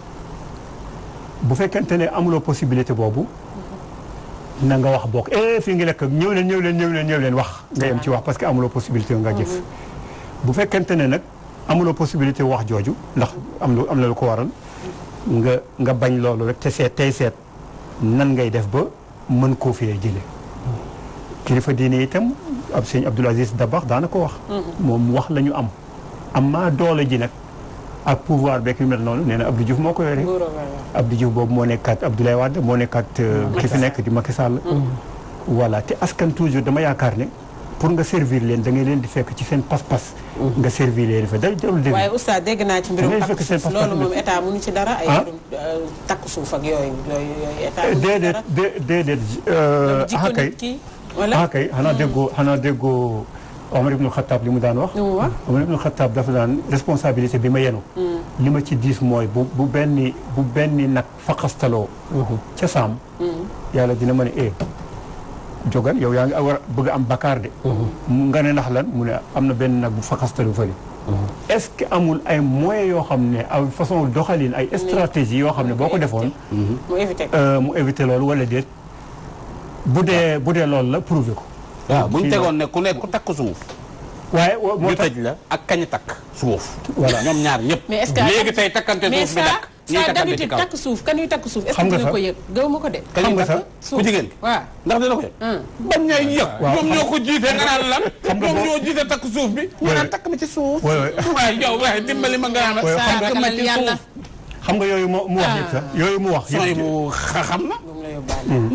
bu fekkente ne amuloo possibilité boobu na nga wax bokk eh fii ngi lekk ñëw leen ñëw leen ñëw leen ñëw leen wax nga yem ci wax parce que amuloo possibilité nga jëf mm-hmm. bu fekkente ne nag amuloo possibilité wax jooju ndax am lu am na lu ko waral nga nga bañ loolu rek te seet tey seet nan ngay def ba mën koo fee jële kilifa diine itam ab sëñ Abdoul Aziz Dabax daana ko wax mm-hmm. moom wax la ñu am am maa doole ji nag ak pouvoir beeg yu mel noonu nee na Abdou moo ko yore. Abdou Diouf boobu moo nekkaat Abdoulaye Wade moo nekkaat. Euh, ki fi nekk di Macky Sall. Mm. voilà te askan toujours dama yaakaar ne. pour nga servir leen da ngay leen di fekk ci seen pas-pas. Mm. nga servir leen fa day jarul dégg. naa ci mbirum takk suuf loolu moom état mënu ci dara. ay ah? mbirum euh, takk suuf ak yooyu yooyu état mënu xanaa mm. déggoo xanaa déggoo. Omar ibn Khattab li mu daan wax. Omar ibn Khattab dafa daan responsabilité bi ma yenu mm. li ma ci diis mooy bu bu benn bu benn nag faqastaloo. Mm-hmm. ca saam. Mm. yàlla dina mën a ee. Eh, jogal yow yaa ngi war bëgg am bakkaar de. Mm-hmm. nga ne nax lan mu ne am na benn nag bu faqastalu fële. Mm-hmm. est-ce que amul ay moyens yoo xam ne ay façon doxalin ay stratégie yoo xam ne boo ko defoon. mu éviter euh, mu éviter loolu wala déet. bu dee bu dee loolu la prouver ko. waaw bu ñu tegoon ne ku nekk ku takk suuf. waaye moo tëj la ak kañ takk suuf. voilà ñoom ñaar ñëpp. mais est-ce que léegi tey takkante suuf bi dakk ñuy takkante ci kaw takk suuf kanuy takk suuf. xam nga sax est-ce ko yëg gëw ma ko de. xam jigéen. waaw ndax dina ko yëg. bañ ko jiite nga naan lan. xam takk suuf bi. ñu naan takk ma ci suuf. waaye yow waaye dimbali ma nga naan. saa ragalal yàlla takk ma ci xam nga yooyu mu wax yëpp sax yooyu mu wax yëpp xam na Mm.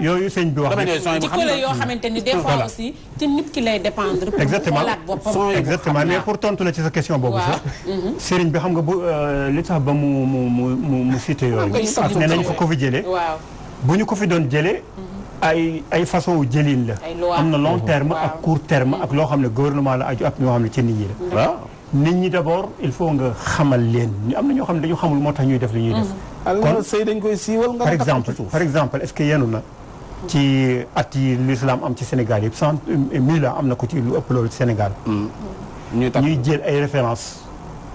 yooyu sëñ bi wax la yoo xamante ni des fois aussi ci nit ki lay dépendre exactement exactement pour tontu la ci sa question boobu sax mm-hmm. sëriñ bi xam nga bu euh, li tax ba mu mu mu mu cité yooyu parce que ne nañu fa ko fi jëlee bu ñu ko fi doon jële mm-hmm. ay ay façon jëlin la am na long mm-hmm. terme ak court terme ak loo xam ne gouvernement la aju ak ñoo xam ne ci nit ñi la nit ñi d'abord il faut nga xamal leen am na ñoo xam ne dañu xamul moo tax ñuy def li ñuy def kon sëy dañ koy siiwal nga par exemple par exemple est-ce que yenu na ci at yi l'islam am ci Sénégal yëpp sant mille am na ko ci lu ëpp loolu ci Sénégal mm. ñuy jël ay références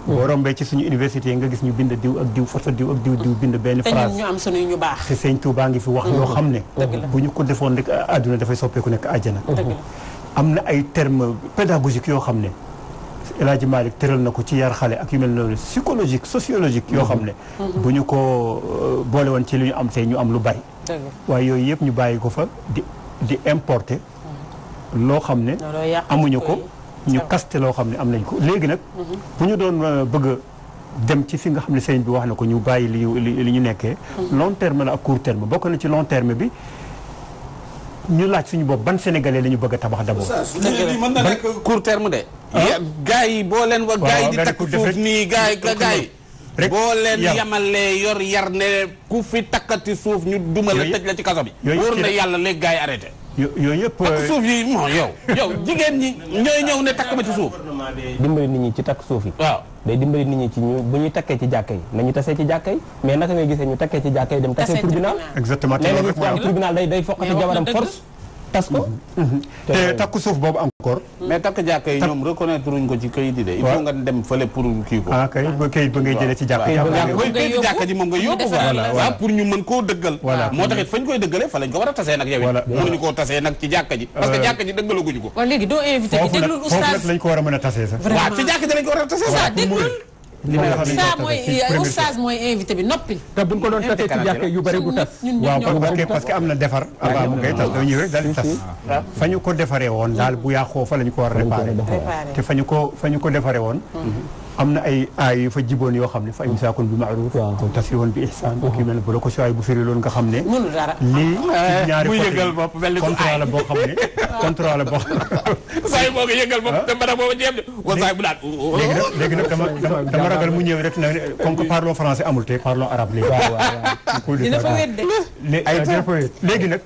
mm. boo rombee ci suñu université nga gis ñu bind diw ak diw forsa diw ak diw diw bind benn phrase ñu am suñu baa baax te sëñ ngi fi wax mm. yoo xam ne bu ñu ko defoon rek àdduna dafay soppeeku nekk àjjana am na ay termes pédagogiques yoo xam ne El Hadj Malick tëral na ko ci yar xale ak yu mel noonu psychologique sociologique yoo xam ne mhm. bu ñu ko euh, boole woon ci li ñu am tey ñu am lu bari waaye yooyu yëpp ñu bàyyi ko fa di di mhm. loo xam ne amuñu ko ñu kaste loo xam ne am nañ ko léegi nag mhm. bu ñu doon euh, bëgg dem ci fi nga xam ne sëriñ bi wax na ko ñu bàyyi li li ñu nekkee long terme la ak court terme bokk na ci long terme bi ñu laaj suñu bopp ban sénégalais la ñu bëgg a tabax d'abord. su dee de. gaa yi boo leen wa gaa yi di takk foofu nii gaa yi gaa yi. yamalee yor yar ne ku fi takkati suuf ñu duma la tëj la ci kaso bi. wóor na yàlla léegi gaa yi arrêté. yooyu yëpp takk euh, suuf yi non yow jigéen ñi ñooy ñëw ne takk ma ci suuf dimbali nit ñi ci takk suuf yi waaw day dimbali nit ñi ci ñu bu ñuy takkee ci jàkka yi nañu tasee ci jàkka yi mais naka ngay gisee ñu takkee ci jàkka yi dem tasee tribunal exactement nee nañu tribunal day day foqati jabaram force tas ko. Mm-hmm. Mm-hmm. te takk suuf boobu encore. Mm-hmm. mais takk jàkka yi ñoom reconnaître wuñ ko ci kayit yi de. il faut nga dem fële pour kii ko. Ah, moom nga yóbbu fa ah, pour ñu mën koo dëggal. moo tax it fañ koy dëggalee fa lañ ko war a tasee nag yow it. mënuñu koo tasee nag ci jàkka ji. parce que jàkka ji dëggalaguñu ko. foofu nag lañ ko war a mën a tasee sax. vraiment ci jàkka ji lañ ko war a tasee sax. li may wax nii eh, oustaz mooy invité noppil. ko doon tasee ci jàkka yu bëri du tas. parce que am na defar. avant ah, mu koy tas doo ñëw rek daal di tas. Ah, ah. fa ñu ko defaree woon daal bu yàqoo fa la ko war a réparé. te fa ñu fa ñu ko defaree woon. Mm-hmm. am na ay aay yu fa jiboon yoo xam ne fa imsaakun bi ma'ruf aw tasrihun bi ihsaan ak yu mel bu la ko sooy bu firi loolu nga xam ne lii ñaari ah, contrat la boo xam ne contrat la boo saay moo ko yëngal ah. oh, oh. dama ragal mu ñëw rek na comme que parlons français amul te parlons arabe léegi dina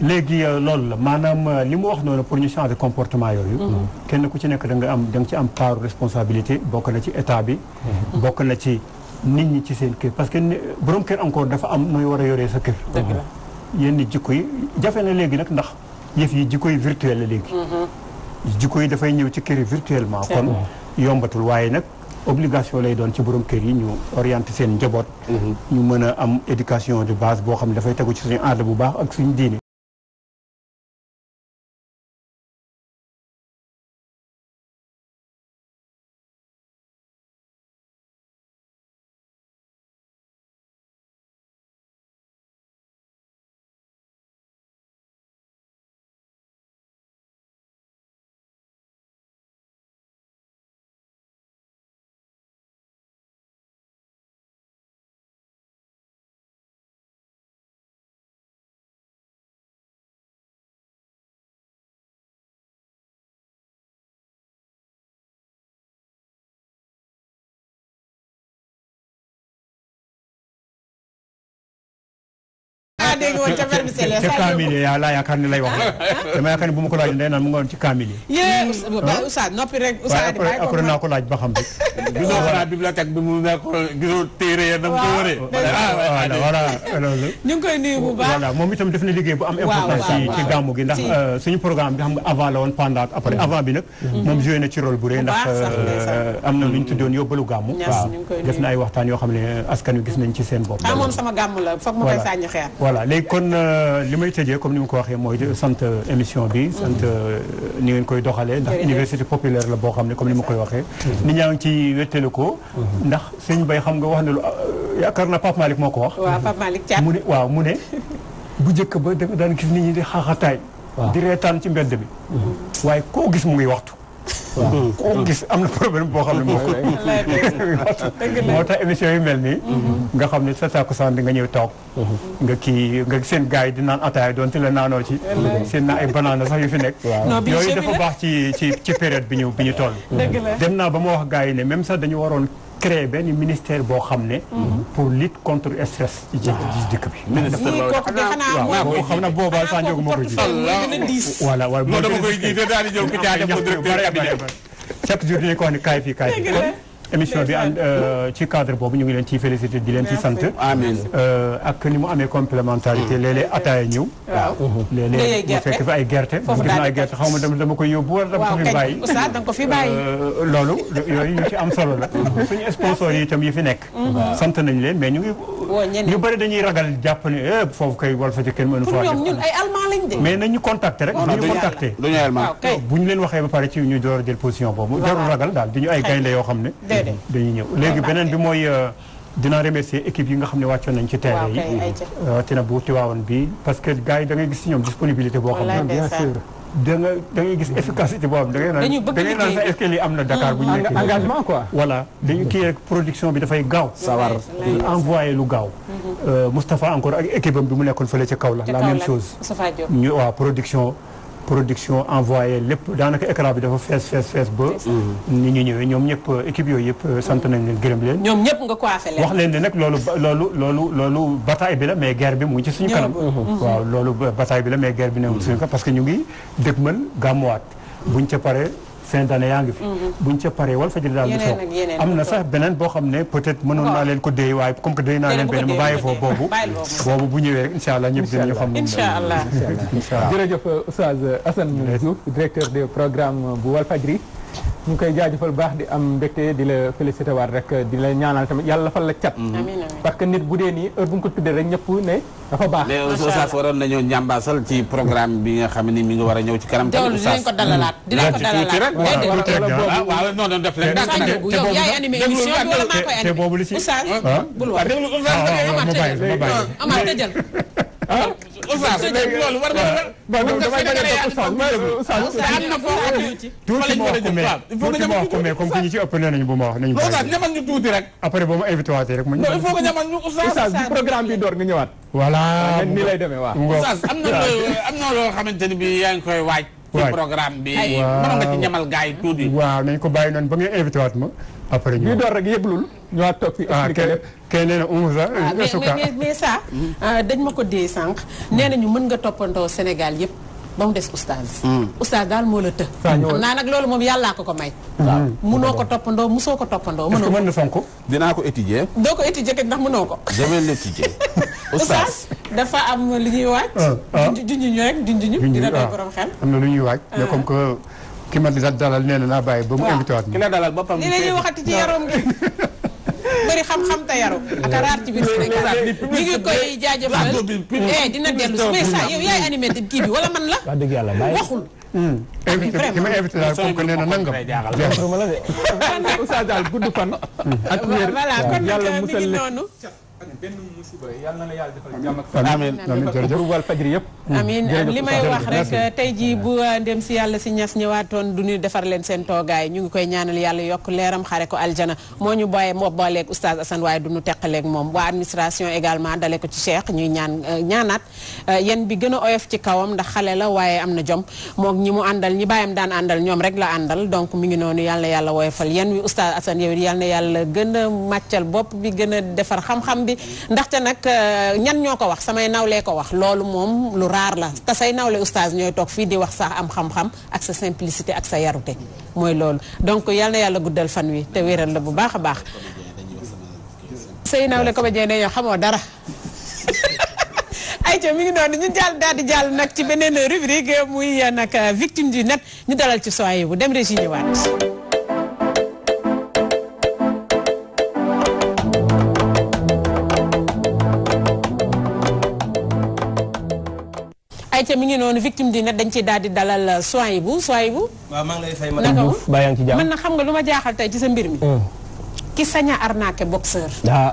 léegi euh, loolu la maanaam euh, li mu wax noonu pour ñu changer comportement yooyu. Mm-hmm. kenn ku ci nekk da nga am da nga ci am part responsabilité bokk na ci état bi. Mm-hmm. bokk na ci nit ñi ci seen kër parce que borom kër encore dafa am nooy war a yoree sa kër. Mm-hmm. yenn jikko yi jafe na léegi nag ndax yëf yi jikko yi virtuel la léegi. jikko yi dafay ñëw ci kër yi virtuellement. kon yombatul waaye nag. obligation lay doon ci borom kër yi ñu orienté seen njaboot. ñu mën a am éducation de base boo xam ne tegu ci suñu aada bu baax ak suñu diine. dégg woon ca vermicelle ya. ca kaamil ya laa yaakaar ne lay wax dama yaakaar ne bu ma ko laaj day naan mu nga woon ci kaamil yi. Oustaz noppi rek. Oustaz di bàyyi ko après naa ko laaj ba xam bi. gisoo xanaa bibliothèque bi mu nekk gisoo téere ya na mu ko wëree. Ah, voilà voilà loolu. ñu ngi koy nuyu bu baax voilà moom itam def na liggéey bu am importance. ci ci gàmmu gi ndax euh, suñu programme bi xam nga avant la woon pendant ak après mm-hmm. avant bi nag. Mm-hmm. moom joué na ci rôle bu rëy ndax euh, am na lu ñu tuddoon yóbbalu gàmmu. waaw def na ay waxtaan yoo xam ne askan wi gis nañ ci seen bopp. ah moom sama gàmmu la foog ma koy sàññi xeer. voilà léegi kon euh, li may tëjee comme ni ma ko waxee mooy sant euh, émission bi. sant euh, ni ngeen koy doxalee. ndax université populaire la boo xam ne comme ni ma koy waxee. ni ñaa ngi ci wéttali ko. Mhm. ndax sëñ bay xam nga wax ne lu yaakaar naa Pape Malick moo ko wax. waaw Pape Malick Thiam mu ne waaw mu ne. bu njëkk ba daan gis nit ñi di xaaxataay. di reetaan ci mbedd bi. Mhm. waaye koo gis mu waxtu. ko gis am na problème boo xam ne moo moo tax émission yu mel nii nga xam ne sa takkusaan di nga ñëw toog nga kii nga seen gars yi di naan ataaya doon ti la naanoo ci seen na ay banaana sax yu fi nekk yooyu dafa baax ci ci ci période bi ñu bi ñu toll dem naa ba ma wax gars yi ne même sax dañu waroon créé benn ministère boo xam ne. Mhm. pour lutte contre stress. ci dëkk bi. ministère boobu waaw xam na boobaa Sadio moo ko jiite. voilà waaye boo dama koy jiite daal di jël ku caa def ko directeur cabinet chaque jour dañuy ko wax ne kaay fii kaay fii émission bi ànd euh, ci cadre boobu ñu ngi leen ciy félicité di leen ci sant. amiin euh, ak ni mu amee complémentarité mm. léeg ata ataaya ñëw. waaw léeg-léeg mu fekk fi ay gerte. foofu gis na ay gerte xaw ma dama ko fi bàyyi. oustaz dama ko fi bàyyi. loolu yooyu yu ci am solo la. suñu sponsors yi tam yi fi nekk. Mm-hmm. sant nañ leen mais ñu ngi. ñu bëri dañuy ragal jàpp ne eh, foofu kay wal fa kenn mënu fa ñoom ñun ay allemand mais nañu contacté rek nañu contacté bu ñu ah, leen waxee ba pare ci ñu door jël position boobu jarul ragal daal di ñu ay gaynde yoo xam ne dañuy ñëw léegi beneen bi mooy euh, dinaa remercier équipe yi nga xam ne wàccoon nañ ci terrain yi na bu tiwaawoon bi parce que gars yi da ngay gis ci ñoom disponibilité boo xam ne bien sûr da nga da ngay gis efficacité boo xam da ngay naan da sax am na Dakar bu ñu nekkee engagement quoi voilà dañu kii production bi dafay gaaw sawar envoyé lu gaaw mm-hmm. euh, Moustapha encore ak équipe bi mu nekkoon fële ca kaw la la même chose ñu waaw production production envoyé lépp daanaka écran bi dafa fees fees fees ba. Mm-hmm. ñu ñëwee ñoom ñëpp équipe yooyu yëpp euh, sant nañ leen gërëm leen. ñoom ñëpp nga coiffé leen. wax leen ne nag loolu loolu loolu loolu bataille bi la mais guerre bi mu ngi ci suñu kanam. Mm-hmm. Mm-hmm. waaw loolu bataille bi la mais guerre bi newul suñu kanam parce que ñu ngi dëgmal gàmmuwaat buñ ca paree. fin d'année yaa ngi fi mhm. buñ ca paree wal fajiri daal du toog am na sax beneen boo xam ne peut-être mënoon naa leen ko déy waaye comme que déy naa leen benn ma bàyyi foofu boobu boobu bu ñëwee rek incha allah ñëpp dinañu xam incha allah jërëjëf Oustaz Assane Diouf directeur des programmes bu Walfadjri ñu koy lu baax di am mbégte di la félicité waat rek di la ñaanal tamit yàlla fa la cat. parce que nit bu dee nii heure bu nga ko tuddee rek ñëpp ne dafa baax. mais Oustaz ñambaasal ci programme bi nga xam ne mi ngi war a ñëw ci kanam. tamit Oustaz dinañ ko dalalaat. dinañ ko dalalaat waaw non non def leen. yow yaay animé émission bi wala maa koy animé. Oustaz bul wax déglu Oustaz ma bàyyi ma bàyyi ah oustaz loolu war nga war nga am na foo xam ne tuuti ma wax ko mais tuuti ma wax ko mais comme que ñu ci ëpp nee nañu bu ma wax nañu oustaz ñamal ñu tuuti rek après boo ma invité waatee rek ma ñamal il faut que ñamal ñu oustaz bi programme bi door nga ñëwaat voilà ni lay demee waaw oustaz am na loo am na loo xamante ni bi yaa ngi koy waaj ci programme bi mënoon nga ci ñamal gars yi tuuti. waaw nañ ko bàyyi noonu ba ngeen invité waat ma. après ñu door rek yëpp loolu. ñu waat toppi fi ah, expliqué lépp kenn nee na Ouza. Ah, mais mais ah, dañ ma ko dee sànq. Mm-hmm. nee nañu mën nga toppandoo Sénégal yëpp. ba mu des oustaz. Hmm. oustaz daal moo la të. xam naa nag loolu moom yàllaa ko ko may. waaw munoo ko toppandoo musoo ko toppandoo. mënoo ko mën na fonk dinaa ko étudier. doo ko étudier kat ndax mënoo ko. je vais l'étudier. oustaz dafa am lu ñuy waaj. Ah, ah. junjuñu rek junjuñu. dina doy ah. xel. am na lu ñuy waaj mais comme que ki ma dalal nee na naa bàyyi ba mu invité waat. ki la dalal boppam li la ñuy waxati ci gi. bëri xam-xam te yaru ak raar ci biir Sénégal ñu ngi koy jaajëfal eh dina dellu si mais ça yow yaay animé kii bi wala man la wax dëgg yàlla waxul hmm. ah, invité ki ma invité daal kooku nee na nangam. ma la de. Oustaz daal gudd fan. ak wér yàlla musal ak benn musiba yal na la yàlla defal jàmm ak hmm. li may wax rek tey jii bu uh, ndem si yàlla si ñas ñëwaatoon du ñu defar leen seen toogaay ñu ngi koy ñaanal yàlla yokk leeram xare ko aljana moo ñu booyee moo booleeg oustaz Assane waaye du ñu teqaleeg moom waa administration également dale ko ci Cheikh ñuy ñaan uh, ñaanaat uh, yéen bi gën a oyof ci kawam ndax xale la waaye am na jom moo ñi mu àndal ñi bàyyam daan àndal ñoom rek la àndal donc mu ngi noonu yàlla yàlla woyofal yéen wi oustaz Assane yow yàlla yàlla a a defar bi ndaxte nag ñan ñoo ko wax samay nawlee ko wax loolu moom lu raar la te say nawle oustaz ñooy toog fii di wax sa am xam-xam ak sa simplicité ak sa yarute mooy loolu donc yàlla na yàlla guddal fan wi te wéral la bu baax a baax say nawle comédien dañoo xamoo dara ayca mi ngi doon ñu jàll daal jàll nag ci beneen rubrique muy nag victime du net ñu dalal ci soye bu dem régi ñëwaat ayca mi ngi noonu victime di dañ ciy daal di dalal Souaïbou Souaïbou. waaw maa ngi lay fay madame Diouf baa yaa ngi ci jàmm man na xam nga lu ma jaaxal tey ci sa mbir mi. Hmm. ki sañ a arnaqué boxeur. daa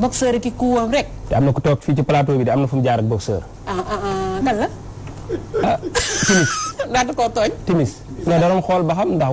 boxeur ki kuwam rek. te am na ku toog fii ci plateau bi de am na fu mu jaar ak boxeur. ah ah, ah, ah timis. daal di koo tooñ. timis xool ba xam ndax.